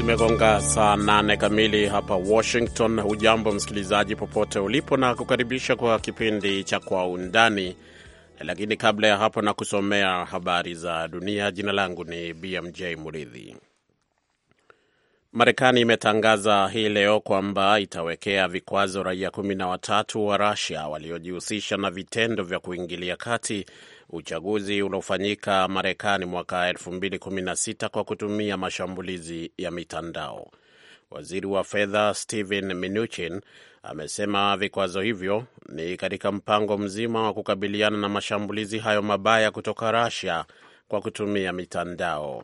Zimegonga saa nane kamili hapa Washington. Hujambo msikilizaji, popote ulipo, na kukaribisha kwa kipindi cha Kwa Undani. Lakini kabla ya hapo, na kusomea habari za dunia. Jina langu ni BMJ Muridhi. Marekani imetangaza hii leo kwamba itawekea vikwazo raia kumi na watatu wa rasia waliojihusisha na vitendo vya kuingilia kati uchaguzi uliofanyika Marekani mwaka 2016 kwa kutumia mashambulizi ya mitandao. Waziri wa fedha Steven Mnuchin amesema vikwazo hivyo ni katika mpango mzima wa kukabiliana na mashambulizi hayo mabaya kutoka rasia kwa kutumia mitandao.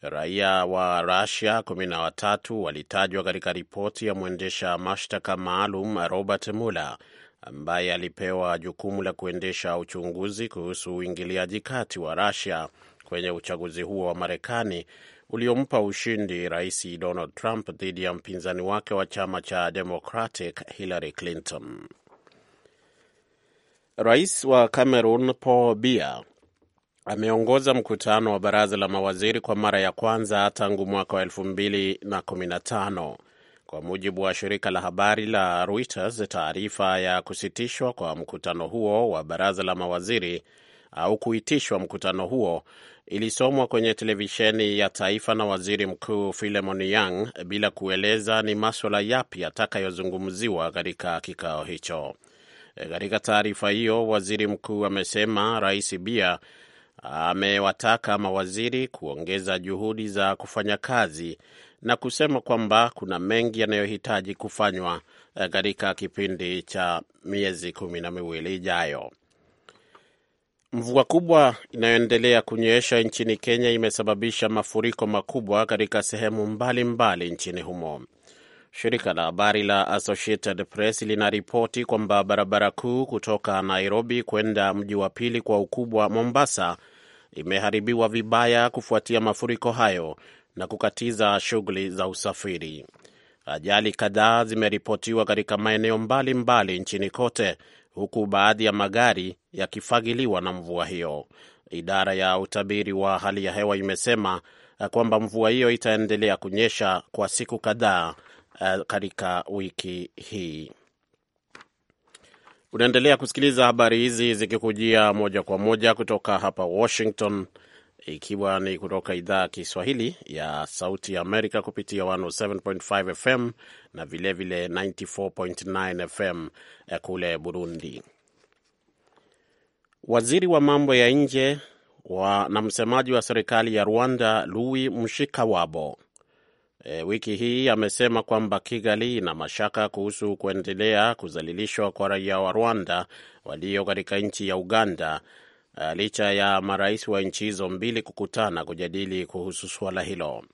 Raia wa Rusia kumi na watatu walitajwa katika ripoti ya mwendesha mashtaka maalum Robert Mueller ambaye alipewa jukumu la kuendesha uchunguzi kuhusu uingiliaji kati wa Rusia kwenye uchaguzi huo wa Marekani uliompa ushindi Rais Donald Trump dhidi ya mpinzani wake wa chama cha Democratic Hillary Clinton. Rais wa Cameroon Paul Biya ameongoza mkutano wa baraza la mawaziri kwa mara ya kwanza tangu mwaka wa elfu mbili na kumi na tano kwa mujibu wa shirika la habari la Reuters. Taarifa ya kusitishwa kwa mkutano huo wa baraza la mawaziri au kuitishwa mkutano huo ilisomwa kwenye televisheni ya taifa na waziri mkuu Filemon Yang bila kueleza ni maswala yapi yatakayozungumziwa katika kikao hicho. Katika taarifa hiyo, waziri mkuu amesema Rais Bia amewataka mawaziri kuongeza juhudi za kufanya kazi na kusema kwamba kuna mengi yanayohitaji kufanywa eh, katika kipindi cha miezi kumi na miwili ijayo. Mvua kubwa inayoendelea kunyesha nchini Kenya imesababisha mafuriko makubwa katika sehemu mbalimbali mbali nchini humo. Shirika la habari la Associated Press linaripoti kwamba barabara kuu kutoka Nairobi kwenda mji wa pili kwa ukubwa Mombasa imeharibiwa vibaya kufuatia mafuriko hayo na kukatiza shughuli za usafiri. Ajali kadhaa zimeripotiwa katika maeneo mbalimbali nchini kote, huku baadhi ya magari yakifagiliwa na mvua hiyo. Idara ya utabiri wa hali ya hewa imesema kwamba mvua hiyo itaendelea kunyesha kwa siku kadhaa Eh, katika wiki hii. Unaendelea kusikiliza habari hizi zikikujia moja kwa moja kutoka hapa Washington, ikiwa ni kutoka idhaa ya Kiswahili ya Sauti ya Amerika kupitia 107.5 FM na vilevile 94.9 FM kule Burundi. Waziri wa mambo ya nje na msemaji wa serikali ya Rwanda Louis Mshikawabo e, wiki hii amesema kwamba Kigali ina mashaka kuhusu kuendelea kuzalilishwa kwa raia wa Rwanda walio katika nchi ya Uganda e, licha ya marais wa nchi hizo mbili kukutana kujadili kuhusu suala hilo.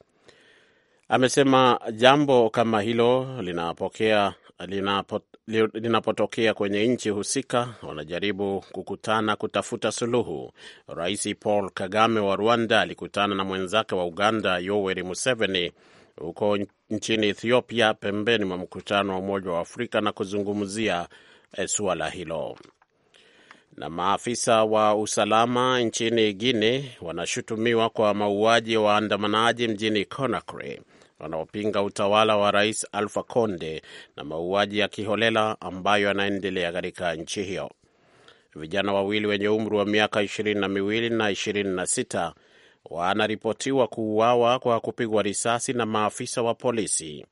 Amesema jambo kama hilo linapokea linapotokea kwenye nchi husika, wanajaribu kukutana kutafuta suluhu. Rais Paul Kagame wa Rwanda alikutana na mwenzake wa Uganda Yoweri Museveni huko nchini Ethiopia pembeni mwa mkutano wa Umoja wa Afrika na kuzungumzia eh, suala hilo. Na maafisa wa usalama nchini guine wanashutumiwa kwa mauaji ya waandamanaji mjini Conakry wanaopinga utawala wa Rais Alfa Conde na mauaji ya kiholela ambayo yanaendelea katika nchi hiyo. Vijana wawili wenye umri wa miaka ishirini na miwili na ishirini na sita wanaripotiwa kuuawa kwa kupigwa risasi na maafisa wa polisi.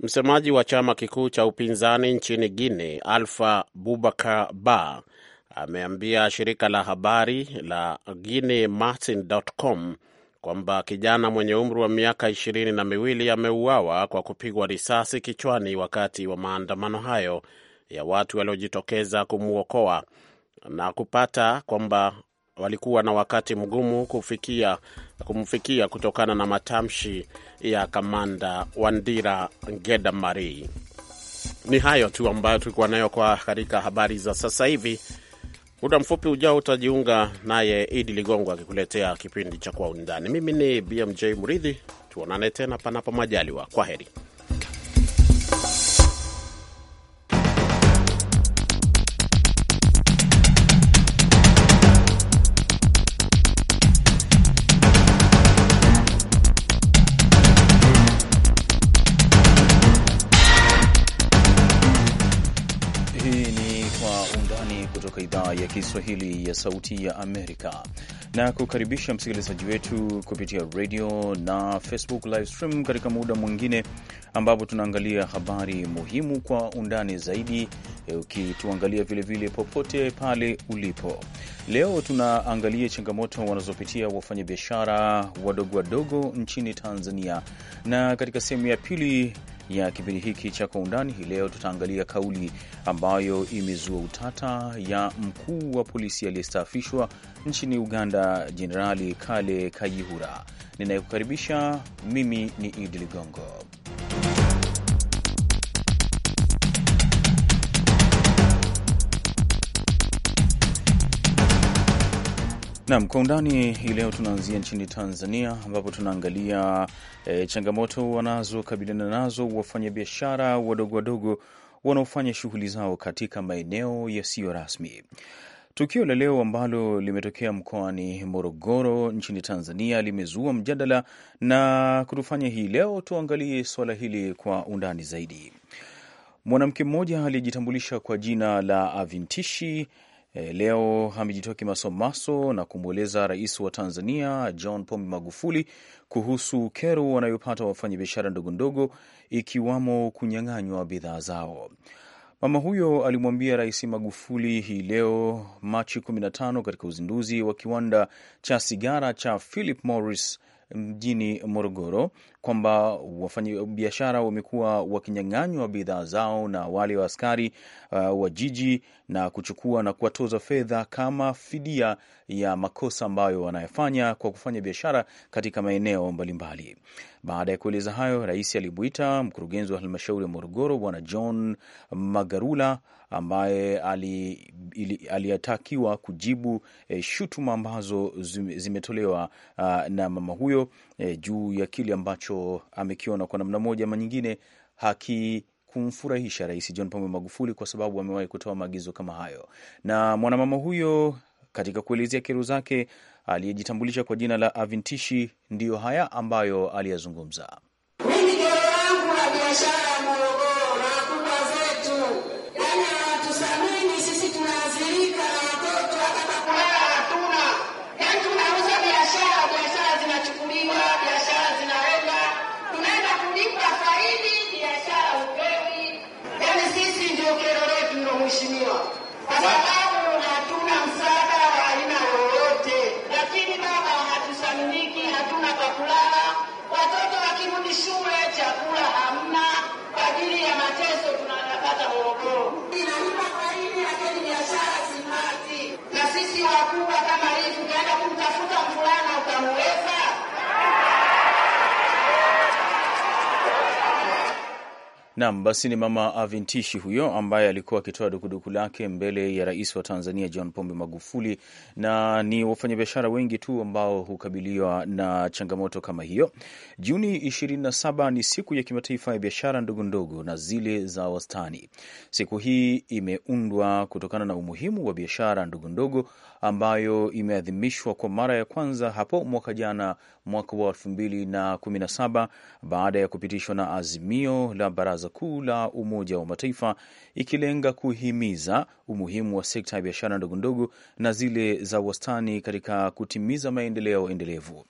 Msemaji wa chama kikuu cha upinzani nchini guine Alfa Boubacar Ba, ameambia shirika la habari la guine guineamartin.com kwamba kijana mwenye umri wa miaka ishirini na miwili ameuawa kwa kupigwa risasi kichwani wakati wa maandamano hayo ya watu waliojitokeza kumwokoa na kupata kwamba walikuwa na wakati mgumu kufikia, kumfikia kutokana na matamshi ya kamanda Wandira mari Ni hayo tu ambayo tulikuwa nayo kwa katika habari za sasa hivi. Muda mfupi ujao utajiunga naye Idi Ligongo akikuletea kipindi cha Kwa Undani. Mimi ni BMJ Muridhi, tuonane tena panapo majaliwa. Kwa heri. idhaa ya Kiswahili ya Sauti ya Amerika na kukaribisha msikilizaji wetu kupitia radio na Facebook live stream katika muda mwingine ambapo tunaangalia habari muhimu kwa undani zaidi, ukituangalia vilevile popote pale ulipo. Leo tunaangalia changamoto wanazopitia wafanyabiashara wadogo wadogo nchini Tanzania, na katika sehemu ya pili ya kipindi hiki cha Kwa Undani hii leo tutaangalia kauli ambayo imezua utata ya mkuu wa polisi aliyestaafishwa nchini Uganda, Jenerali Kale Kayihura. Ninayekukaribisha mimi ni Idi Ligongo. Naam, kwa undani hii leo tunaanzia nchini Tanzania ambapo tunaangalia e, changamoto wanazokabiliana nazo wafanyabiashara wadogo wadogo wanaofanya shughuli zao katika maeneo yasiyo rasmi. Tukio la leo ambalo limetokea mkoani Morogoro nchini Tanzania limezua mjadala na kutufanya hii leo tuangalie suala hili kwa undani zaidi. Mwanamke mmoja aliyejitambulisha kwa jina la Avintishi E, leo amejitoki masomaso na kumweleza rais wa Tanzania John Pombe Magufuli kuhusu kero wanayopata wafanyabiashara ndogo ndogo ikiwamo kunyang'anywa bidhaa zao. Mama huyo alimwambia Rais Magufuli hii leo Machi 15 katika uzinduzi wa kiwanda cha sigara cha Philip Morris mjini Morogoro kwamba wafanyabiashara wamekuwa wakinyang'anywa bidhaa zao na wale wa askari uh, wa jiji na kuchukua na kuwatoza fedha kama fidia ya makosa ambayo wanayafanya kwa kufanya biashara katika maeneo mbalimbali. Baada ya kueleza hayo, rais alimuita mkurugenzi wa halmashauri ya Morogoro Bwana John Magarula ambaye aliyetakiwa ali kujibu e, shutuma ambazo zimetolewa a, ah, na mama huyo e, juu ya kile ambacho amekiona kwa namna moja ama nyingine haki kumfurahisha Rais John Pombe Magufuli kwa sababu amewahi kutoa maagizo kama hayo, na mwanamama huyo katika kuelezea kero zake, aliyejitambulisha kwa jina la Avintishi, ndiyo haya ambayo aliyazungumza. Naam, basi ni mama Avintishi huyo ambaye alikuwa akitoa dukuduku lake mbele ya rais wa Tanzania John Pombe Magufuli, na ni wafanyabiashara wengi tu ambao hukabiliwa na changamoto kama hiyo. Juni 27 ni siku ya kimataifa ya biashara ndogondogo na zile za wastani. Siku hii imeundwa kutokana na umuhimu wa biashara ndogondogo ambayo imeadhimishwa kwa mara ya kwanza hapo mwaka jana, mwaka wa 2017 baada ya kupitishwa na azimio la baraza Baraza Kuu la Umoja wa Mataifa ikilenga kuhimiza umuhimu wa sekta ya biashara ndogondogo na zile za wastani katika kutimiza maendeleo endelevu.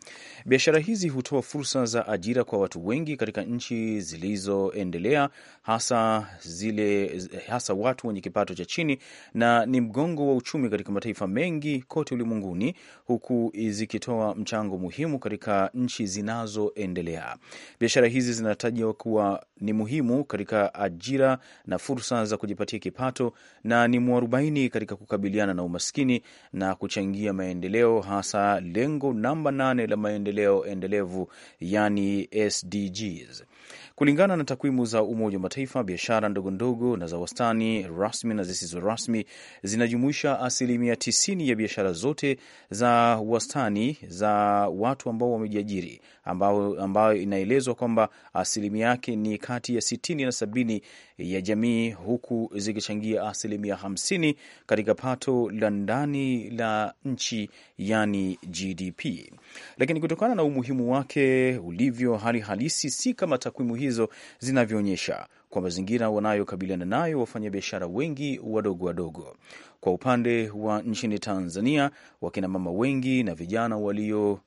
Biashara hizi hutoa fursa za ajira kwa watu wengi katika nchi zilizoendelea, hasa zile hasa watu wenye kipato cha chini, na ni mgongo wa uchumi katika mataifa mengi kote ulimwenguni, huku zikitoa mchango muhimu katika nchi zinazoendelea. Biashara hizi zinatajwa kuwa ni muhimu katika ajira na fursa za kujipatia kipato na ni mwarobaini katika kukabiliana na umaskini na kuchangia maendeleo, hasa lengo namba nane la maendeleo endelevu, yani SDGs. Kulingana na takwimu za Umoja wa Mataifa, biashara ndogondogo na za wastani, rasmi na zisizo rasmi, zinajumuisha asilimia 90 ya biashara zote za wastani za watu ambao wamejiajiri, ambayo inaelezwa kwamba asilimia yake ni kati ya sitini na sabini ya jamii, huku zikichangia asilimia 50 katika pato la ndani la nchi, yani GDP. Lakini kutokana na umuhimu wake ulivyo, hali halisi si kama takwimu hizo zinavyoonyesha kwa mazingira wanayokabiliana nayo wafanyabiashara wengi wadogo wadogo. Kwa upande wa nchini Tanzania, wakinamama wengi na vijana walio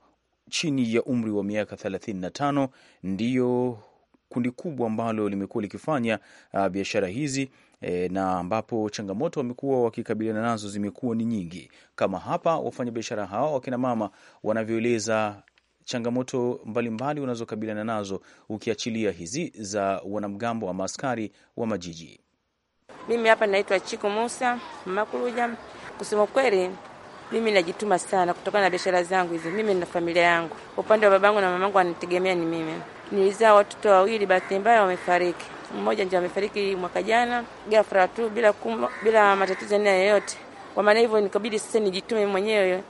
chini ya umri wa miaka 35 ndiyo kundi kubwa ambalo limekuwa likifanya uh, biashara hizi e, na ambapo changamoto wamekuwa wakikabiliana nazo zimekuwa ni nyingi, kama hapa wafanyabiashara hawa wakinamama wanavyoeleza changamoto mbalimbali unazokabiliana nazo ukiachilia hizi za wanamgambo wa askari wa majiji? Mimi hapa naitwa Chiku Musa Makuruja. Kusema kweli, mimi najituma sana kutokana na biashara zangu hizi, mimi na familia yangu. Upande wa babangu na mamangu wanitegemea ni mimi. Nilizaa watoto wawili, bahati mbaya wamefariki. Mmoja ndio amefariki mwaka jana ghafla tu, bila kuma, bila matatizo aina yoyote. Kwa maana hivyo nikabidi sasa nijitume mwenyewe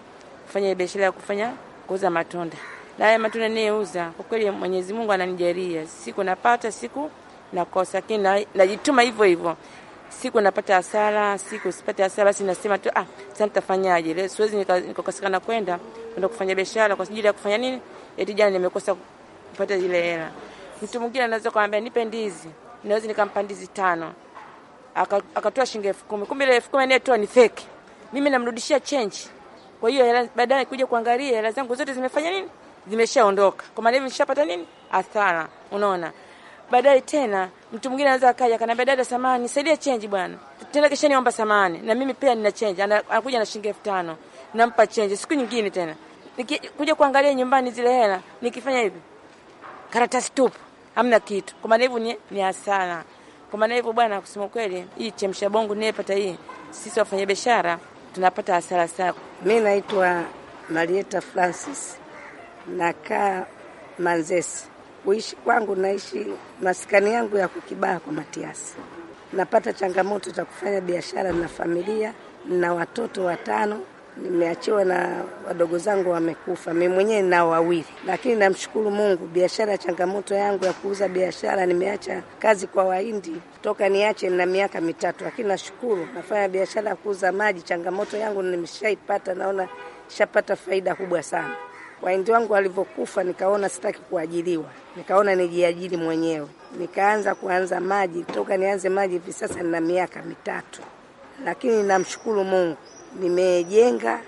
kufanya biashara ya kufanya kuuza matunda na haya matunda ninayouza, kwa kweli Mwenyezi Mungu ananijalia, siku napata, siku nakosa, lakini najituma hivyo hivyo siku napata hasara, siku sipate hasara, basi nasema tu ah, sasa nitafanyaje? Leo siwezi nikakosekana kwenda kwenda kufanya biashara kwa ajili ya kufanya nini? Eti jana nimekosa kupata zile hela. Mtu mwingine anaweza kumwambia nipe ndizi, naweza nikampa ndizi tano, akatoa shilingi elfu kumi kumbe ile elfu kumi anayetoa ni fake, mimi namrudishia change. Kwa hiyo baadaye kuja kuangalia hela zangu zote zimefanya nini zimeshaondoka, kwa maana hivi nishapata nini athara. Unaona, baadaye tena mtu mwingine anaweza akaja akaniambia, dada, samani saidia change bwana, tena kisha niomba samani na mimi pia nina change. Anakuja na shilingi 5000. nampa change. Siku nyingine tena nikikuja kuangalia nyumbani zile hela, nikifanya hivi karatasi tupu, hamna kitu. Kwa maana hivyo ni, ni hasara. Kwa maana hivyo bwana, kusema kweli, hii chemsha bongo ninayepata hii, sisi wafanyabiashara tunapata hasara sana. Mimi naitwa Marieta Francis nakaa Manzesi. Uishi kwangu naishi, maskani yangu ya kukibaa kwa Matiasi. Napata changamoto za kufanya biashara na familia na watoto watano, nimeachiwa na wadogo zangu wamekufa, mi mwenyewe na wawili, lakini namshukuru Mungu. Biashara ya changamoto yangu ya kuuza biashara, nimeacha kazi kwa Wahindi toka niache na miaka mitatu, lakini nashukuru nafanya biashara ya kuuza maji. Changamoto yangu nimeshaipata, naona shapata faida kubwa sana. Waindi wangu walivyokufa, nikaona sitaki kuajiriwa, nikaona nijiajiri mwenyewe. Nikaanza kuanza maji, toka nianze maji hivi sasa nina miaka mitatu, lakini namshukuru Mungu nimejenga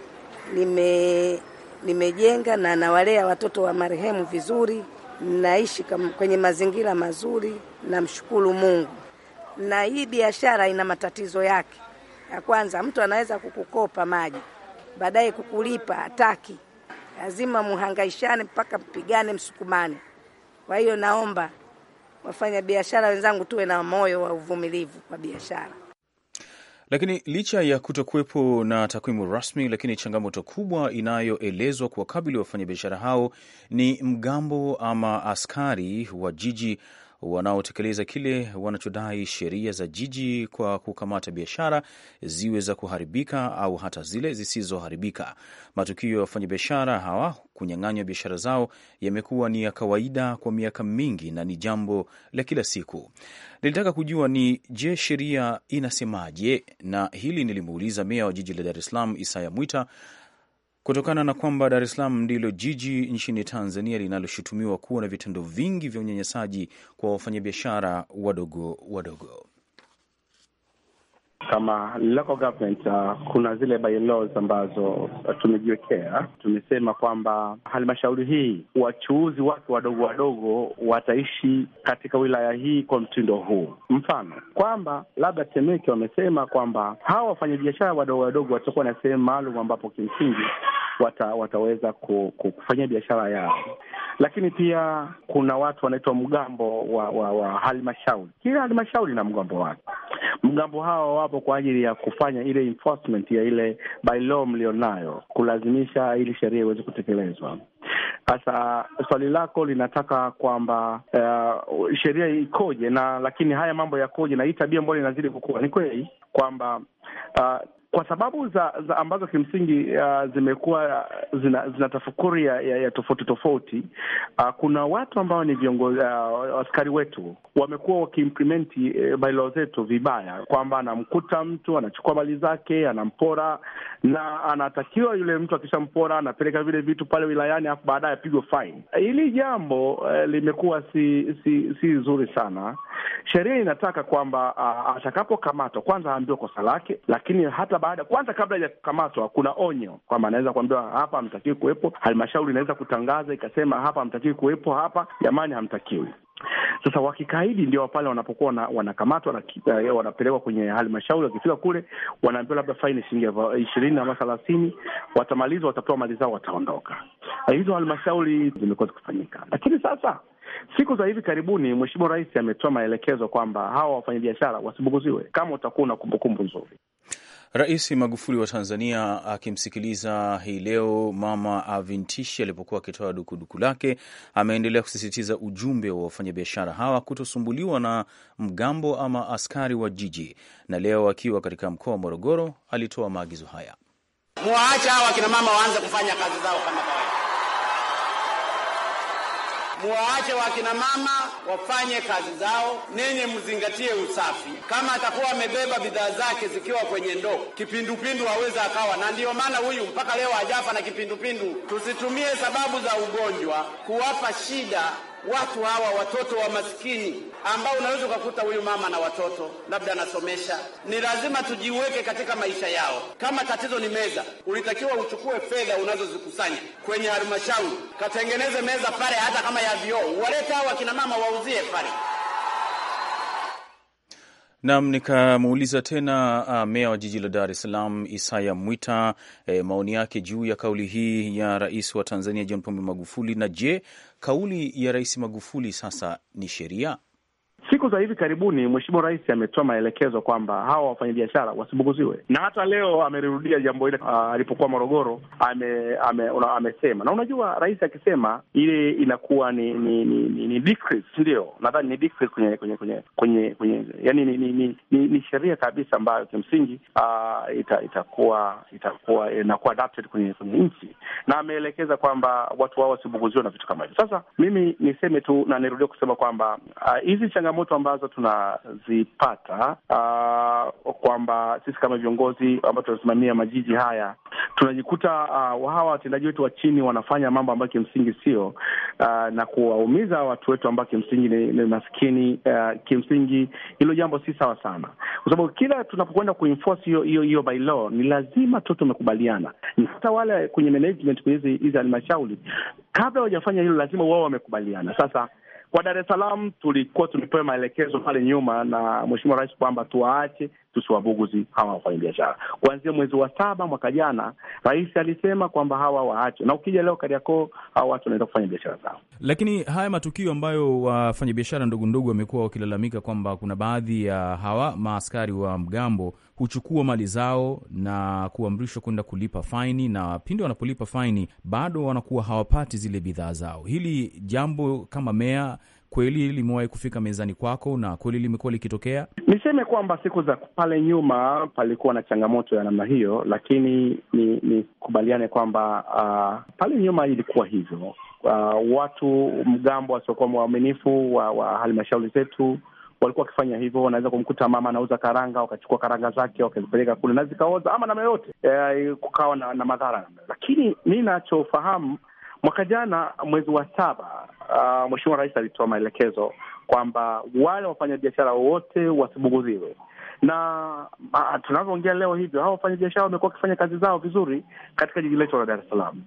nime nimejenga na nawalea watoto wa marehemu vizuri, naishi kwenye mazingira mazuri, namshukuru Mungu. Na hii biashara ina matatizo yake. Ya kwanza, mtu anaweza kukukopa maji, baadaye kukulipa hataki lazima muhangaishane mpaka mpigane, msukumane. Kwa hiyo naomba wafanya biashara wenzangu, tuwe na moyo wa uvumilivu kwa biashara. Lakini licha ya kutokuwepo na takwimu rasmi, lakini changamoto kubwa inayoelezwa kuwakabili wafanyabiashara hao ni mgambo ama askari wa jiji wanaotekeleza kile wanachodai sheria za jiji kwa kukamata biashara ziwe za kuharibika au hata zile zisizoharibika. Matukio ya wafanyabiashara hawa kunyang'anywa biashara zao yamekuwa ni ya kawaida kwa miaka mingi na ni jambo la kila siku. Nilitaka kujua ni je, sheria inasemaje? Na hili nilimuuliza meya wa jiji la Dar es Salaam Isaya Mwita kutokana na kwamba Dar es Salaam ndilo jiji nchini Tanzania linaloshutumiwa kuwa na vitendo vingi vya unyanyasaji kwa wafanyabiashara wadogo wadogo. Kama local government uh, kuna zile by ambazo uh, tumejiwekea. Tumesema kwamba halmashauri hii wachuuzi wake wadogo wadogo wataishi katika wilaya hii kwa mtindo huu, mfano kwamba labda Temeke wamesema kwamba hawa wafanyabiashara wadogo wadogo watakuwa na sehemu maalum ambapo kimsingi wata, wataweza kufanya biashara yao. Lakini pia kuna watu wanaitwa mgambo wa, wa, wa halmashauri. Kila halmashauri na mgambo wake. Mgambo hao wapo kwa ajili ya kufanya ile enforcement ya ile bylaw mlionayo, kulazimisha ili sheria iweze kutekelezwa. Sasa swali lako linataka kwamba uh, sheria ikoje na lakini haya mambo yakoje na hii tabia ambayo inazidi kukua, ni kweli kwamba uh, kwa sababu za, za ambazo kimsingi uh, zimekuwa uh, zina, zina tafakuri ya, ya, ya tofauti tofauti. Uh, kuna watu ambao ni viongozi uh, askari wetu wamekuwa wakiimplimenti uh, bailo zetu vibaya, kwamba anamkuta mtu anachukua mali zake anampora, na anatakiwa yule mtu akishampora anapeleka vile vitu pale wilayani, afu baadaye apigwe fine. Hili jambo uh, limekuwa si si si zuri sana. Sheria inataka kwamba uh, atakapokamatwa kwanza aambiwe kosa lake, lakini hata baada kwanza, kabla ya kuna onyo kwamba anaweza kuambiwa hapa hamtakiwi kuwepo. Halmashauri inaweza kutangaza ikasema hapa hamtakiwi kuwepo, hapa jamani, hamtakiwi. Sasa wakikaidi ndio pale wanapokuwa na, wanakamatwa uh, eh, wanapelekwa kwenye halmashauri. Wakifika kule wanaambiwa labda faini shilingi ishirini ama thelathini. Watamaliza, watapewa mali zao, wataondoka. Hizo halmashauri zimekuwa zikifanyika, lakini sasa siku za hivi karibuni Mheshimiwa Rais ametoa maelekezo kwamba hawa wafanyabiashara wasibuguziwe. Kama utakuwa na kumbukumbu nzuri Rais Magufuli wa Tanzania akimsikiliza hii leo Mama Avintishi alipokuwa akitoa dukuduku lake, ameendelea kusisitiza ujumbe wa wafanyabiashara hawa kutosumbuliwa na mgambo ama askari wa jiji, na leo akiwa katika mkoa wa Morogoro alitoa maagizo haya: muwaacha hawa wakinamama waanze kufanya kazi zao kama kawaida muwaache wakina mama wafanye kazi zao, ninyi mzingatie usafi. Kama atakuwa amebeba bidhaa zake zikiwa kwenye ndoo, kipindupindu aweza akawa na, ndiyo maana huyu mpaka leo hajafa na kipindupindu. Tusitumie sababu za ugonjwa kuwapa shida watu hawa, watoto wa maskini ambao unaweza ukakuta huyu mama na watoto labda anasomesha. Ni lazima tujiweke katika maisha yao. Kama tatizo ni meza, ulitakiwa uchukue fedha unazozikusanya kwenye halmashauri, katengeneze meza pale, hata kama ya vioo, walete hao akina mama wauzie pale. Nam, nikamuuliza tena uh, meya wa jiji la Dar es Salaam Isaya Mwita eh, maoni yake juu ya kauli hii ya rais wa Tanzania John Pombe Magufuli, na je, kauli ya Rais Magufuli sasa ni sheria? siku za hivi karibuni Mheshimiwa Rais ametoa maelekezo kwamba hawa wafanyabiashara wasibuguziwe, na hata leo amerudia jambo ile ah, alipokuwa Morogoro, ame, ame, una, amesema. Na unajua rais akisema ile inakuwa ni ni ni, ni, ni decrease, ndio nadhani ni decrease kwenye kwenye kwenye kwenye kwenye, yani ni, ni, ni, ni, ni sheria kabisa ambayo kimsingi uh, ita, itakuwa itakuwa inakuwa adapted kwenye kwenye nchi, na ameelekeza kwamba watu wao wasibuguziwe na vitu kama hivyo. Sasa mimi niseme tu na nirudie kusema kwamba ah, hizi uh, changamoto changamoto ambazo tunazipata uh, kwamba sisi kama viongozi ambao tunasimamia majiji haya tunajikuta uh, hawa watendaji wetu wa chini wanafanya mambo ambayo kimsingi sio uh, na kuwaumiza watu wetu ambao kimsingi ni, ni maskini uh, kimsingi hilo jambo si sawa sana, kwa sababu kila tunapokwenda kuenforce hiyo hiyo hiyo by law ni lazima tu tumekubaliana, hata wale kwenye management kwenye hizi halmashauri kabla wajafanya hilo lazima wao wamekubaliana. Sasa kwa Dar es Salaam tulikuwa tumepewa maelekezo pale nyuma na Mheshimiwa Rais kwamba tuwaache tusiwabuguzi hawa wafanyabiashara. Kuanzia mwezi wa saba mwaka jana, rais alisema kwamba hawa waache, na ukija leo Kariakoo hawa watu wanaweza kufanya biashara zao. Lakini haya matukio ambayo wafanyabiashara ndogo ndogo wamekuwa wakilalamika kwamba kuna baadhi ya hawa maaskari wa mgambo huchukua mali zao na kuamrishwa kwenda kulipa faini, na pindi wanapolipa faini bado wanakuwa hawapati zile bidhaa zao. Hili jambo kama meya kweli limewahi kufika mezani kwako na kweli limekuwa likitokea? Niseme kwamba siku za pale nyuma palikuwa na changamoto ya namna hiyo, lakini nikubaliane ni kwamba uh, pale nyuma ilikuwa hivyo. Uh, watu mgambo wasiokuwa waaminifu wa, wa halmashauri zetu walikuwa wakifanya hivyo. Wanaweza kumkuta mama anauza karanga, wakachukua karanga zake wakazipeleka kule na zikaoza ama namna yote e, eh, kukawa na, na madhara. Lakini mi nachofahamu mwaka jana mwezi wa saba uh, Mheshimiwa Rais alitoa maelekezo kwamba wale wafanyabiashara wote wasibuguziwe na tunavyoongea leo hivyo, hao wafanyabiashara wamekuwa wakifanya kazi zao vizuri katika jiji letu la Dar es Salaam.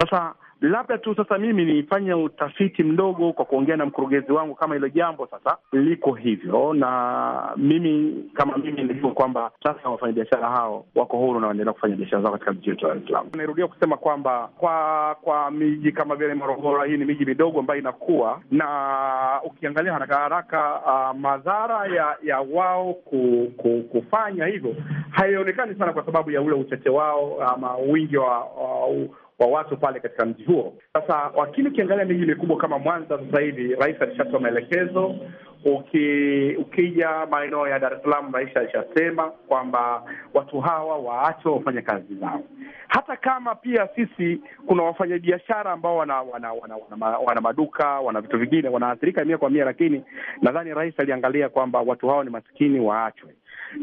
Sasa labda tu sasa mimi nifanye utafiti mdogo kwa kuongea na mkurugenzi wangu kama hilo jambo sasa liko hivyo, na mimi kama mimi nilijua kwamba sasa wafanyabiashara hao wako huru na wanaendelea kufanya biashara zao katika mji wetu wa Dar es Salaam. Nairudia kusema kwamba kwa kwa miji kama vile Morogoro, hii ni miji midogo ambayo inakuwa na ukiangalia haraka haraka, uh, madhara ya ya wao ku, ku, kufanya hivyo haionekani sana kwa sababu ya ule uchache wao ama wingi wa, wa wa watu pale katika mji huo. Sasa wakili, ukiangalia miji mikubwa kama Mwanza sasa hivi rais alishatoa maelekezo uki, ukija maeneo ya Dar es Salaam, rais alishasema kwamba watu hawa waache wafanye kazi zao, hata kama pia sisi kuna wafanyabiashara ambao wana wana, wana, wana wana maduka wana vitu vingine wanaathirika mia kwa mia, lakini nadhani rais aliangalia kwamba watu hawa ni masikini, waachwe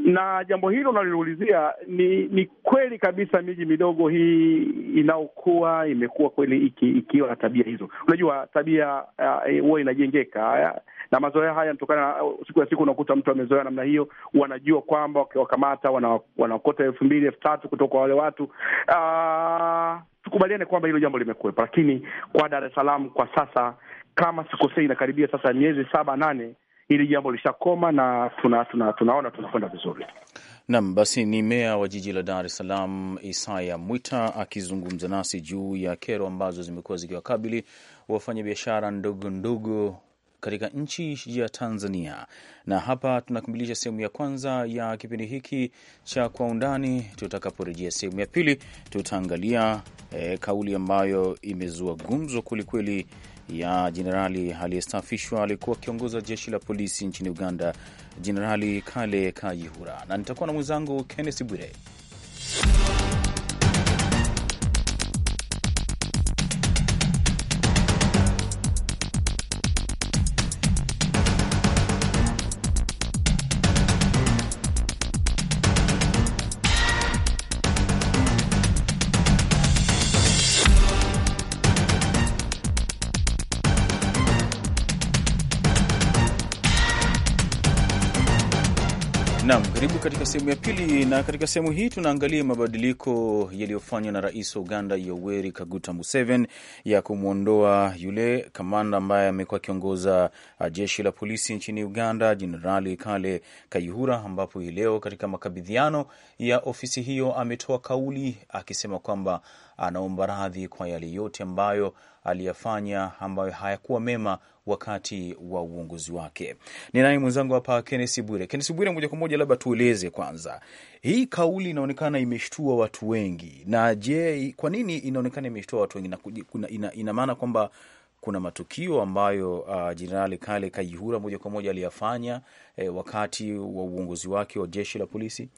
na jambo hilo unaliulizia ni ni kweli kabisa. Miji midogo hii inaokuwa imekuwa kweli iki, ikiwa na tabia hizo. Unajua tabia uh, huwa uh, inajengeka uh, na mazoea haya yanatokana na uh, siku ya siku, unakuta mtu amezoea namna hiyo, wanajua kwamba wakiwakamata wanaokota elfu mbili elfu tatu kutoka kwa wale watu aa, ah, tukubaliane kwamba hilo jambo limekuwepo, lakini kwa Dar es Salaam kwa sasa, kama sikosei, inakaribia sasa miezi saba nane, hili jambo lishakoma na tuna, tuna, tunaona tunakwenda vizuri. Nam, basi ni meya wa jiji la Dar es Salaam Isaya Mwita akizungumza nasi juu ya kero ambazo zimekuwa zikiwakabili wafanyabiashara ndogo ndogo katika nchi ya Tanzania. Na hapa tunakamilisha sehemu ya kwanza ya kipindi hiki cha Kwa Undani. Tutakaporejea sehemu ya pili, tutaangalia e, kauli ambayo imezua gumzo kwelikweli ya jenerali aliyestaafishwa alikuwa akiongoza jeshi la polisi nchini Uganda, Jenerali Kale Kayihura, na nitakuwa na mwenzangu Kenneth Bwire. sehemu ya pili, na katika sehemu hii tunaangalia mabadiliko yaliyofanywa na rais wa Uganda Yoweri Kaguta Museveni ya kumwondoa yule kamanda ambaye amekuwa akiongoza uh, jeshi la polisi nchini Uganda, Jenerali Kale Kayihura, ambapo hii leo katika makabidhiano ya ofisi hiyo ametoa kauli akisema kwamba anaomba radhi kwa yale yote ambayo aliyafanya ambayo hayakuwa mema wakati wa uongozi wake. Ni naye mwenzangu hapa Kennesi Bwire. Kennesi Bwire, moja kwa moja, labda tueleze kwanza, hii kauli inaonekana imeshtua watu wengi, na je, kwa nini inaonekana imeshtua watu wengi? Na ina, ina maana kwamba kuna matukio ambayo uh, Jenerali Kale Kayihura moja kwa moja aliyafanya eh, wakati wa uongozi wake wa jeshi la polisi.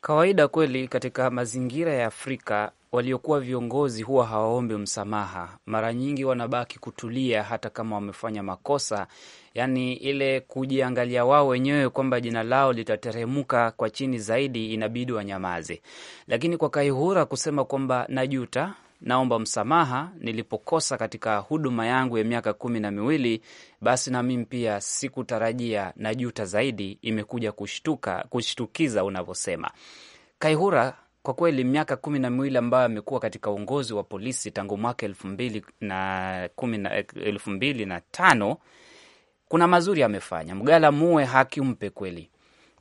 Kawaida kweli, katika mazingira ya Afrika waliokuwa viongozi huwa hawaombi msamaha, mara nyingi wanabaki kutulia hata kama wamefanya makosa, yaani ile kujiangalia wao wenyewe kwamba jina lao litateremuka kwa chini zaidi, inabidi wanyamaze. Lakini kwa Kaihura kusema kwamba najuta, naomba msamaha nilipokosa katika huduma yangu ya miaka kumi na miwili. Basi na mimi pia sikutarajia na juta zaidi, imekuja kushtuka, kushtukiza unavyosema Kaihura. Kwa kweli miaka kumi na miwili ambayo amekuwa katika uongozi wa polisi tangu mwaka elfu mbili na kumi na elfu mbili na tano kuna mazuri amefanya. Mgala muwe haki kweli,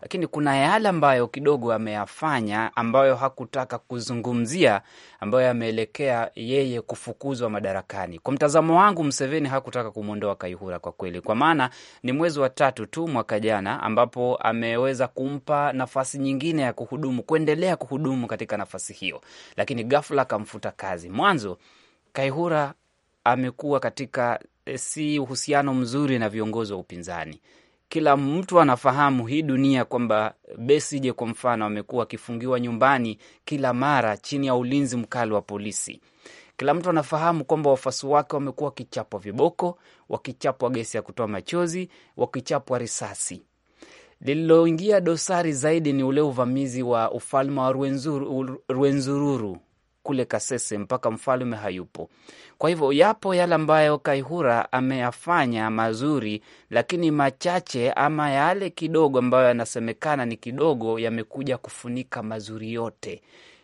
lakini kuna yale ambayo kidogo ameyafanya ambayo hakutaka kuzungumzia, ambayo yameelekea yeye kufukuzwa madarakani. Kwa mtazamo wangu, Mseveni hakutaka kumwondoa Kaihura kwa kweli, kwa maana ni mwezi wa tatu tu mwaka jana ambapo ameweza kumpa nafasi nyingine ya kuhudumu, kuendelea kuhudumu katika nafasi hiyo, lakini ghafla akamfuta kazi. Mwanzo Kaihura amekuwa katika eh, si uhusiano mzuri na viongozi wa upinzani kila mtu anafahamu hii dunia kwamba besije kwa mfano amekuwa akifungiwa nyumbani kila mara chini ya ulinzi mkali wa polisi. Kila mtu anafahamu kwamba wafuasi wake wamekuwa wakichapwa viboko, wakichapwa gesi ya kutoa machozi, wakichapwa risasi. Lililoingia dosari zaidi ni ule uvamizi wa ufalme wa Rwenzururu kule Kasese mpaka mfalme hayupo. Kwa hivyo yapo yale ambayo Kaihura ameyafanya mazuri, lakini machache ama yale kidogo ambayo yanasemekana ni kidogo yamekuja kufunika mazuri yote,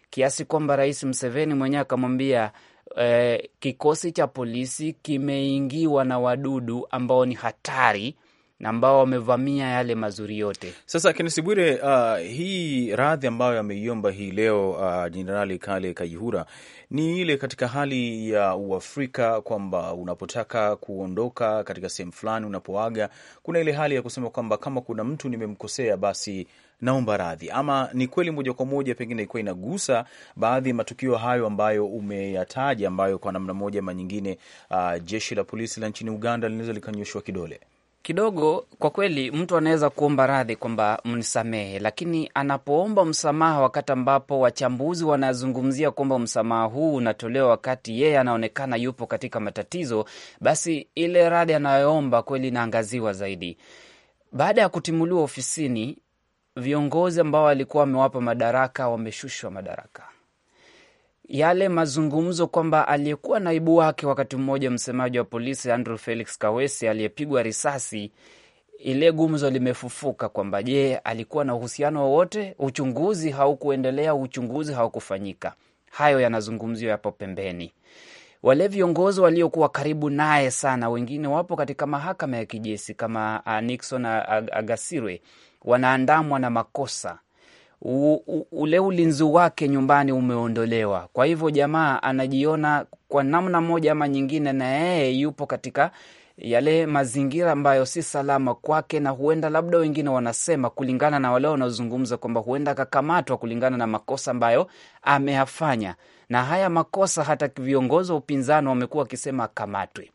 kiasi kwamba Rais Mseveni mwenyewe akamwambia eh, kikosi cha polisi kimeingiwa na wadudu ambao ni hatari na ambao wamevamia yale mazuri yote. Sasa Kenesi Bwire, uh, hii radhi ambayo ameiomba hii leo uh, Jenerali Kale Kayihura ni ile katika hali ya Uafrika kwamba unapotaka kuondoka katika sehemu fulani, unapoaga, kuna ile hali ya kusema kwamba kama kuna mtu nimemkosea, basi naomba radhi. Ama ni kweli moja kwa moja, pengine ilikuwa inagusa baadhi ya matukio hayo ambayo umeyataja, ambayo kwa namna moja ama nyingine, uh, jeshi la polisi la nchini Uganda linaweza likanyoshwa kidole kidogo kwa kweli, mtu anaweza kuomba radhi kwamba mnisamehe, lakini anapoomba msamaha wakati ambapo wachambuzi wanazungumzia kwamba msamaha huu unatolewa wakati yeye anaonekana yupo katika matatizo, basi ile radhi anayoomba kweli inaangaziwa zaidi. Baada ya kutimuliwa ofisini, viongozi ambao walikuwa wamewapa madaraka wameshushwa madaraka yale mazungumzo kwamba aliyekuwa naibu wake wakati mmoja, msemaji wa polisi Andrew Felix kawesi aliyepigwa risasi, ile gumzo limefufuka kwamba je, alikuwa na uhusiano wowote? Uchunguzi haukuendelea, uchunguzi haukufanyika. Hayo yanazungumziwa, yapo pembeni. Wale viongozi waliokuwa karibu naye sana, wengine wapo katika mahakama ya kijeshi kama uh, Nixon uh, Agasirwe, wanaandamwa na makosa u, ule ulinzi wake nyumbani umeondolewa. Kwa hivyo jamaa anajiona kwa namna moja ama nyingine, na yeye yupo katika yale mazingira ambayo si salama kwake, na huenda labda wengine wanasema kulingana na wale wanaozungumza kwamba huenda akakamatwa kulingana na makosa ambayo ameyafanya, na haya makosa hata viongozi wa upinzani wamekuwa wakisema akamatwe.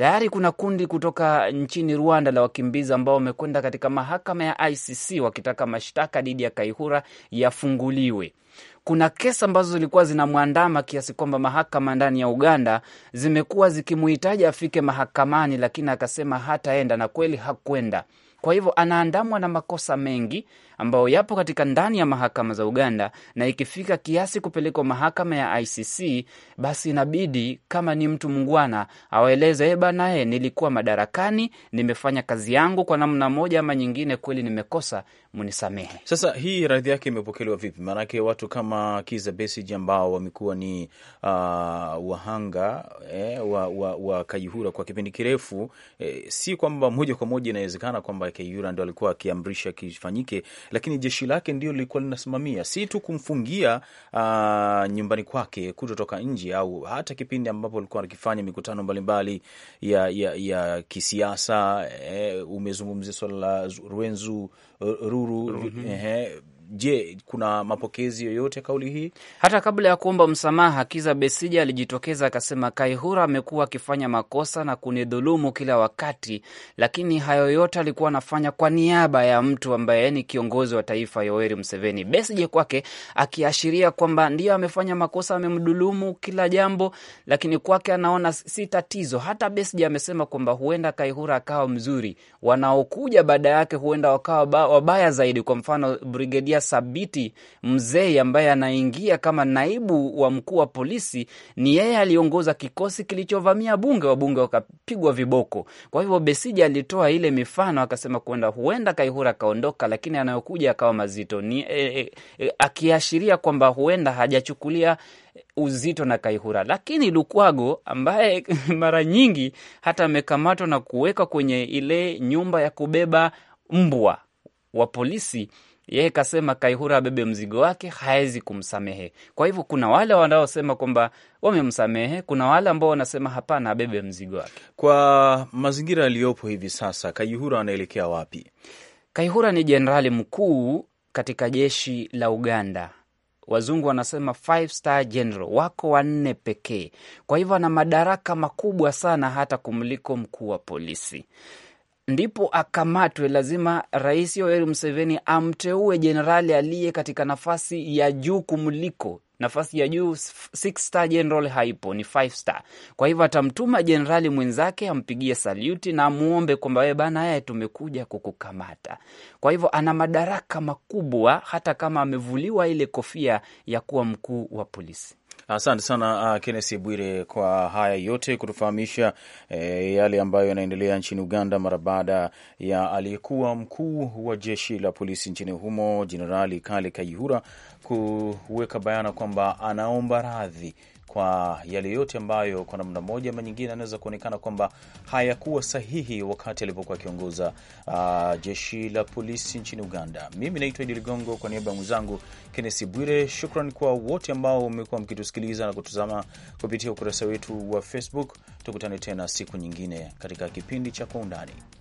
Tayari kuna kundi kutoka nchini Rwanda la wakimbizi ambao wamekwenda katika mahakama ya ICC wakitaka mashtaka dhidi ya Kaihura yafunguliwe. Kuna kesi ambazo zilikuwa zinamwandama kiasi kwamba mahakama ndani ya Uganda zimekuwa zikimuhitaji afike mahakamani, lakini akasema hataenda, na kweli hakwenda. Kwa hivyo anaandamwa na makosa mengi ambayo yapo katika ndani ya mahakama za Uganda, na ikifika kiasi kupelekwa mahakama ya ICC, basi inabidi kama ni mtu mungwana awaeleze, e bana, e, nilikuwa madarakani, nimefanya kazi yangu kwa namna moja ama nyingine, kweli nimekosa, munisamehe. Sasa hii radhi yake imepokelewa vipi? Maanake watu kama Kiza Besigye ambao wamekuwa ni uh, wahanga eh, wa, wa, wa Kayihura kwa kipindi kirefu eh, si kwamba moja kwa moja inawezekana kwamba Kayihura ndo alikuwa akiamrisha kifanyike, lakini jeshi lake ndio lilikuwa linasimamia, si tu kumfungia uh, nyumbani kwake kutotoka nje, au hata kipindi ambapo alikuwa akifanya mikutano mbalimbali mbali ya, ya, ya kisiasa. eh, umezungumzia swala la Rwenzu eh, Ruru, Ruru. Eh, Je, kuna mapokezi yoyote ya kauli hii? Hata kabla ya kuomba msamaha, Kiza Besija alijitokeza akasema, Kaihura amekuwa akifanya makosa na kunidhulumu kila wakati, lakini hayo yote alikuwa anafanya kwa niaba ya mtu ambaye ni kiongozi wa taifa, Yoweri Museveni. Besije kwake akiashiria kwamba ndiyo amefanya makosa, amemdhulumu kila jambo, lakini kwake anaona si tatizo. Hata Besije amesema kwamba huenda Kaihura akawa mzuri, wanaokuja baada yake huenda wakawa wabaya zaidi. Kwa mfano brigedia Sabiti Mzei, ambaye anaingia kama naibu wa mkuu wa polisi, ni yeye aliongoza kikosi kilichovamia bunge, wabunge wakapigwa viboko. Kwa hivyo Besija alitoa ile mifano akasema kwenda huenda Kaihura akaondoka, lakini anayokuja akawa mazito ni e, e, e akiashiria kwamba huenda hajachukulia uzito na Kaihura. Lakini Lukwago ambaye mara nyingi hata amekamatwa na kuwekwa kwenye ile nyumba ya kubeba mbwa wa polisi yeye kasema Kaihura abebe mzigo wake, hawezi kumsamehe. Kwa hivyo kuna wale wanaosema kwamba wamemsamehe, kuna wale ambao wanasema hapana, abebe mzigo wake. Kwa mazingira yaliyopo hivi sasa, Kaihura anaelekea wapi? Kaihura ni jenerali mkuu katika jeshi la Uganda. Wazungu wanasema five star general, wako wanne pekee. Kwa hivyo ana madaraka makubwa sana, hata kumliko mkuu wa polisi ndipo akamatwe, lazima Rais Yoweri Museveni amteue jenerali aliye katika nafasi ya juu kumliko nafasi ya juu six star general haipo, ni five star. Kwa hivyo atamtuma jenerali mwenzake ampigie saluti na amwombe kwamba we bana, haya tumekuja kukukamata. Kwa hivyo ana madaraka makubwa, hata kama amevuliwa ile kofia ya kuwa mkuu wa polisi. Asante sana uh, Kennesi Bwire kwa haya yote kutufahamisha eh, yale ambayo yanaendelea nchini Uganda mara baada ya aliyekuwa mkuu wa jeshi la polisi nchini humo Jenerali Kale Kayihura kuweka bayana kwamba anaomba radhi kwa yale yote ambayo kwa namna moja ama nyingine anaweza kuonekana kwamba hayakuwa sahihi wakati alipokuwa akiongoza uh, jeshi la polisi nchini Uganda. Mimi naitwa Idi Ligongo, kwa niaba ya mwenzangu Kennesi Bwire, shukran kwa wote ambao mmekuwa mkitusikiliza na kutuzama kupitia ukurasa wetu wa Facebook. Tukutane tena siku nyingine katika kipindi cha Kwa Undani.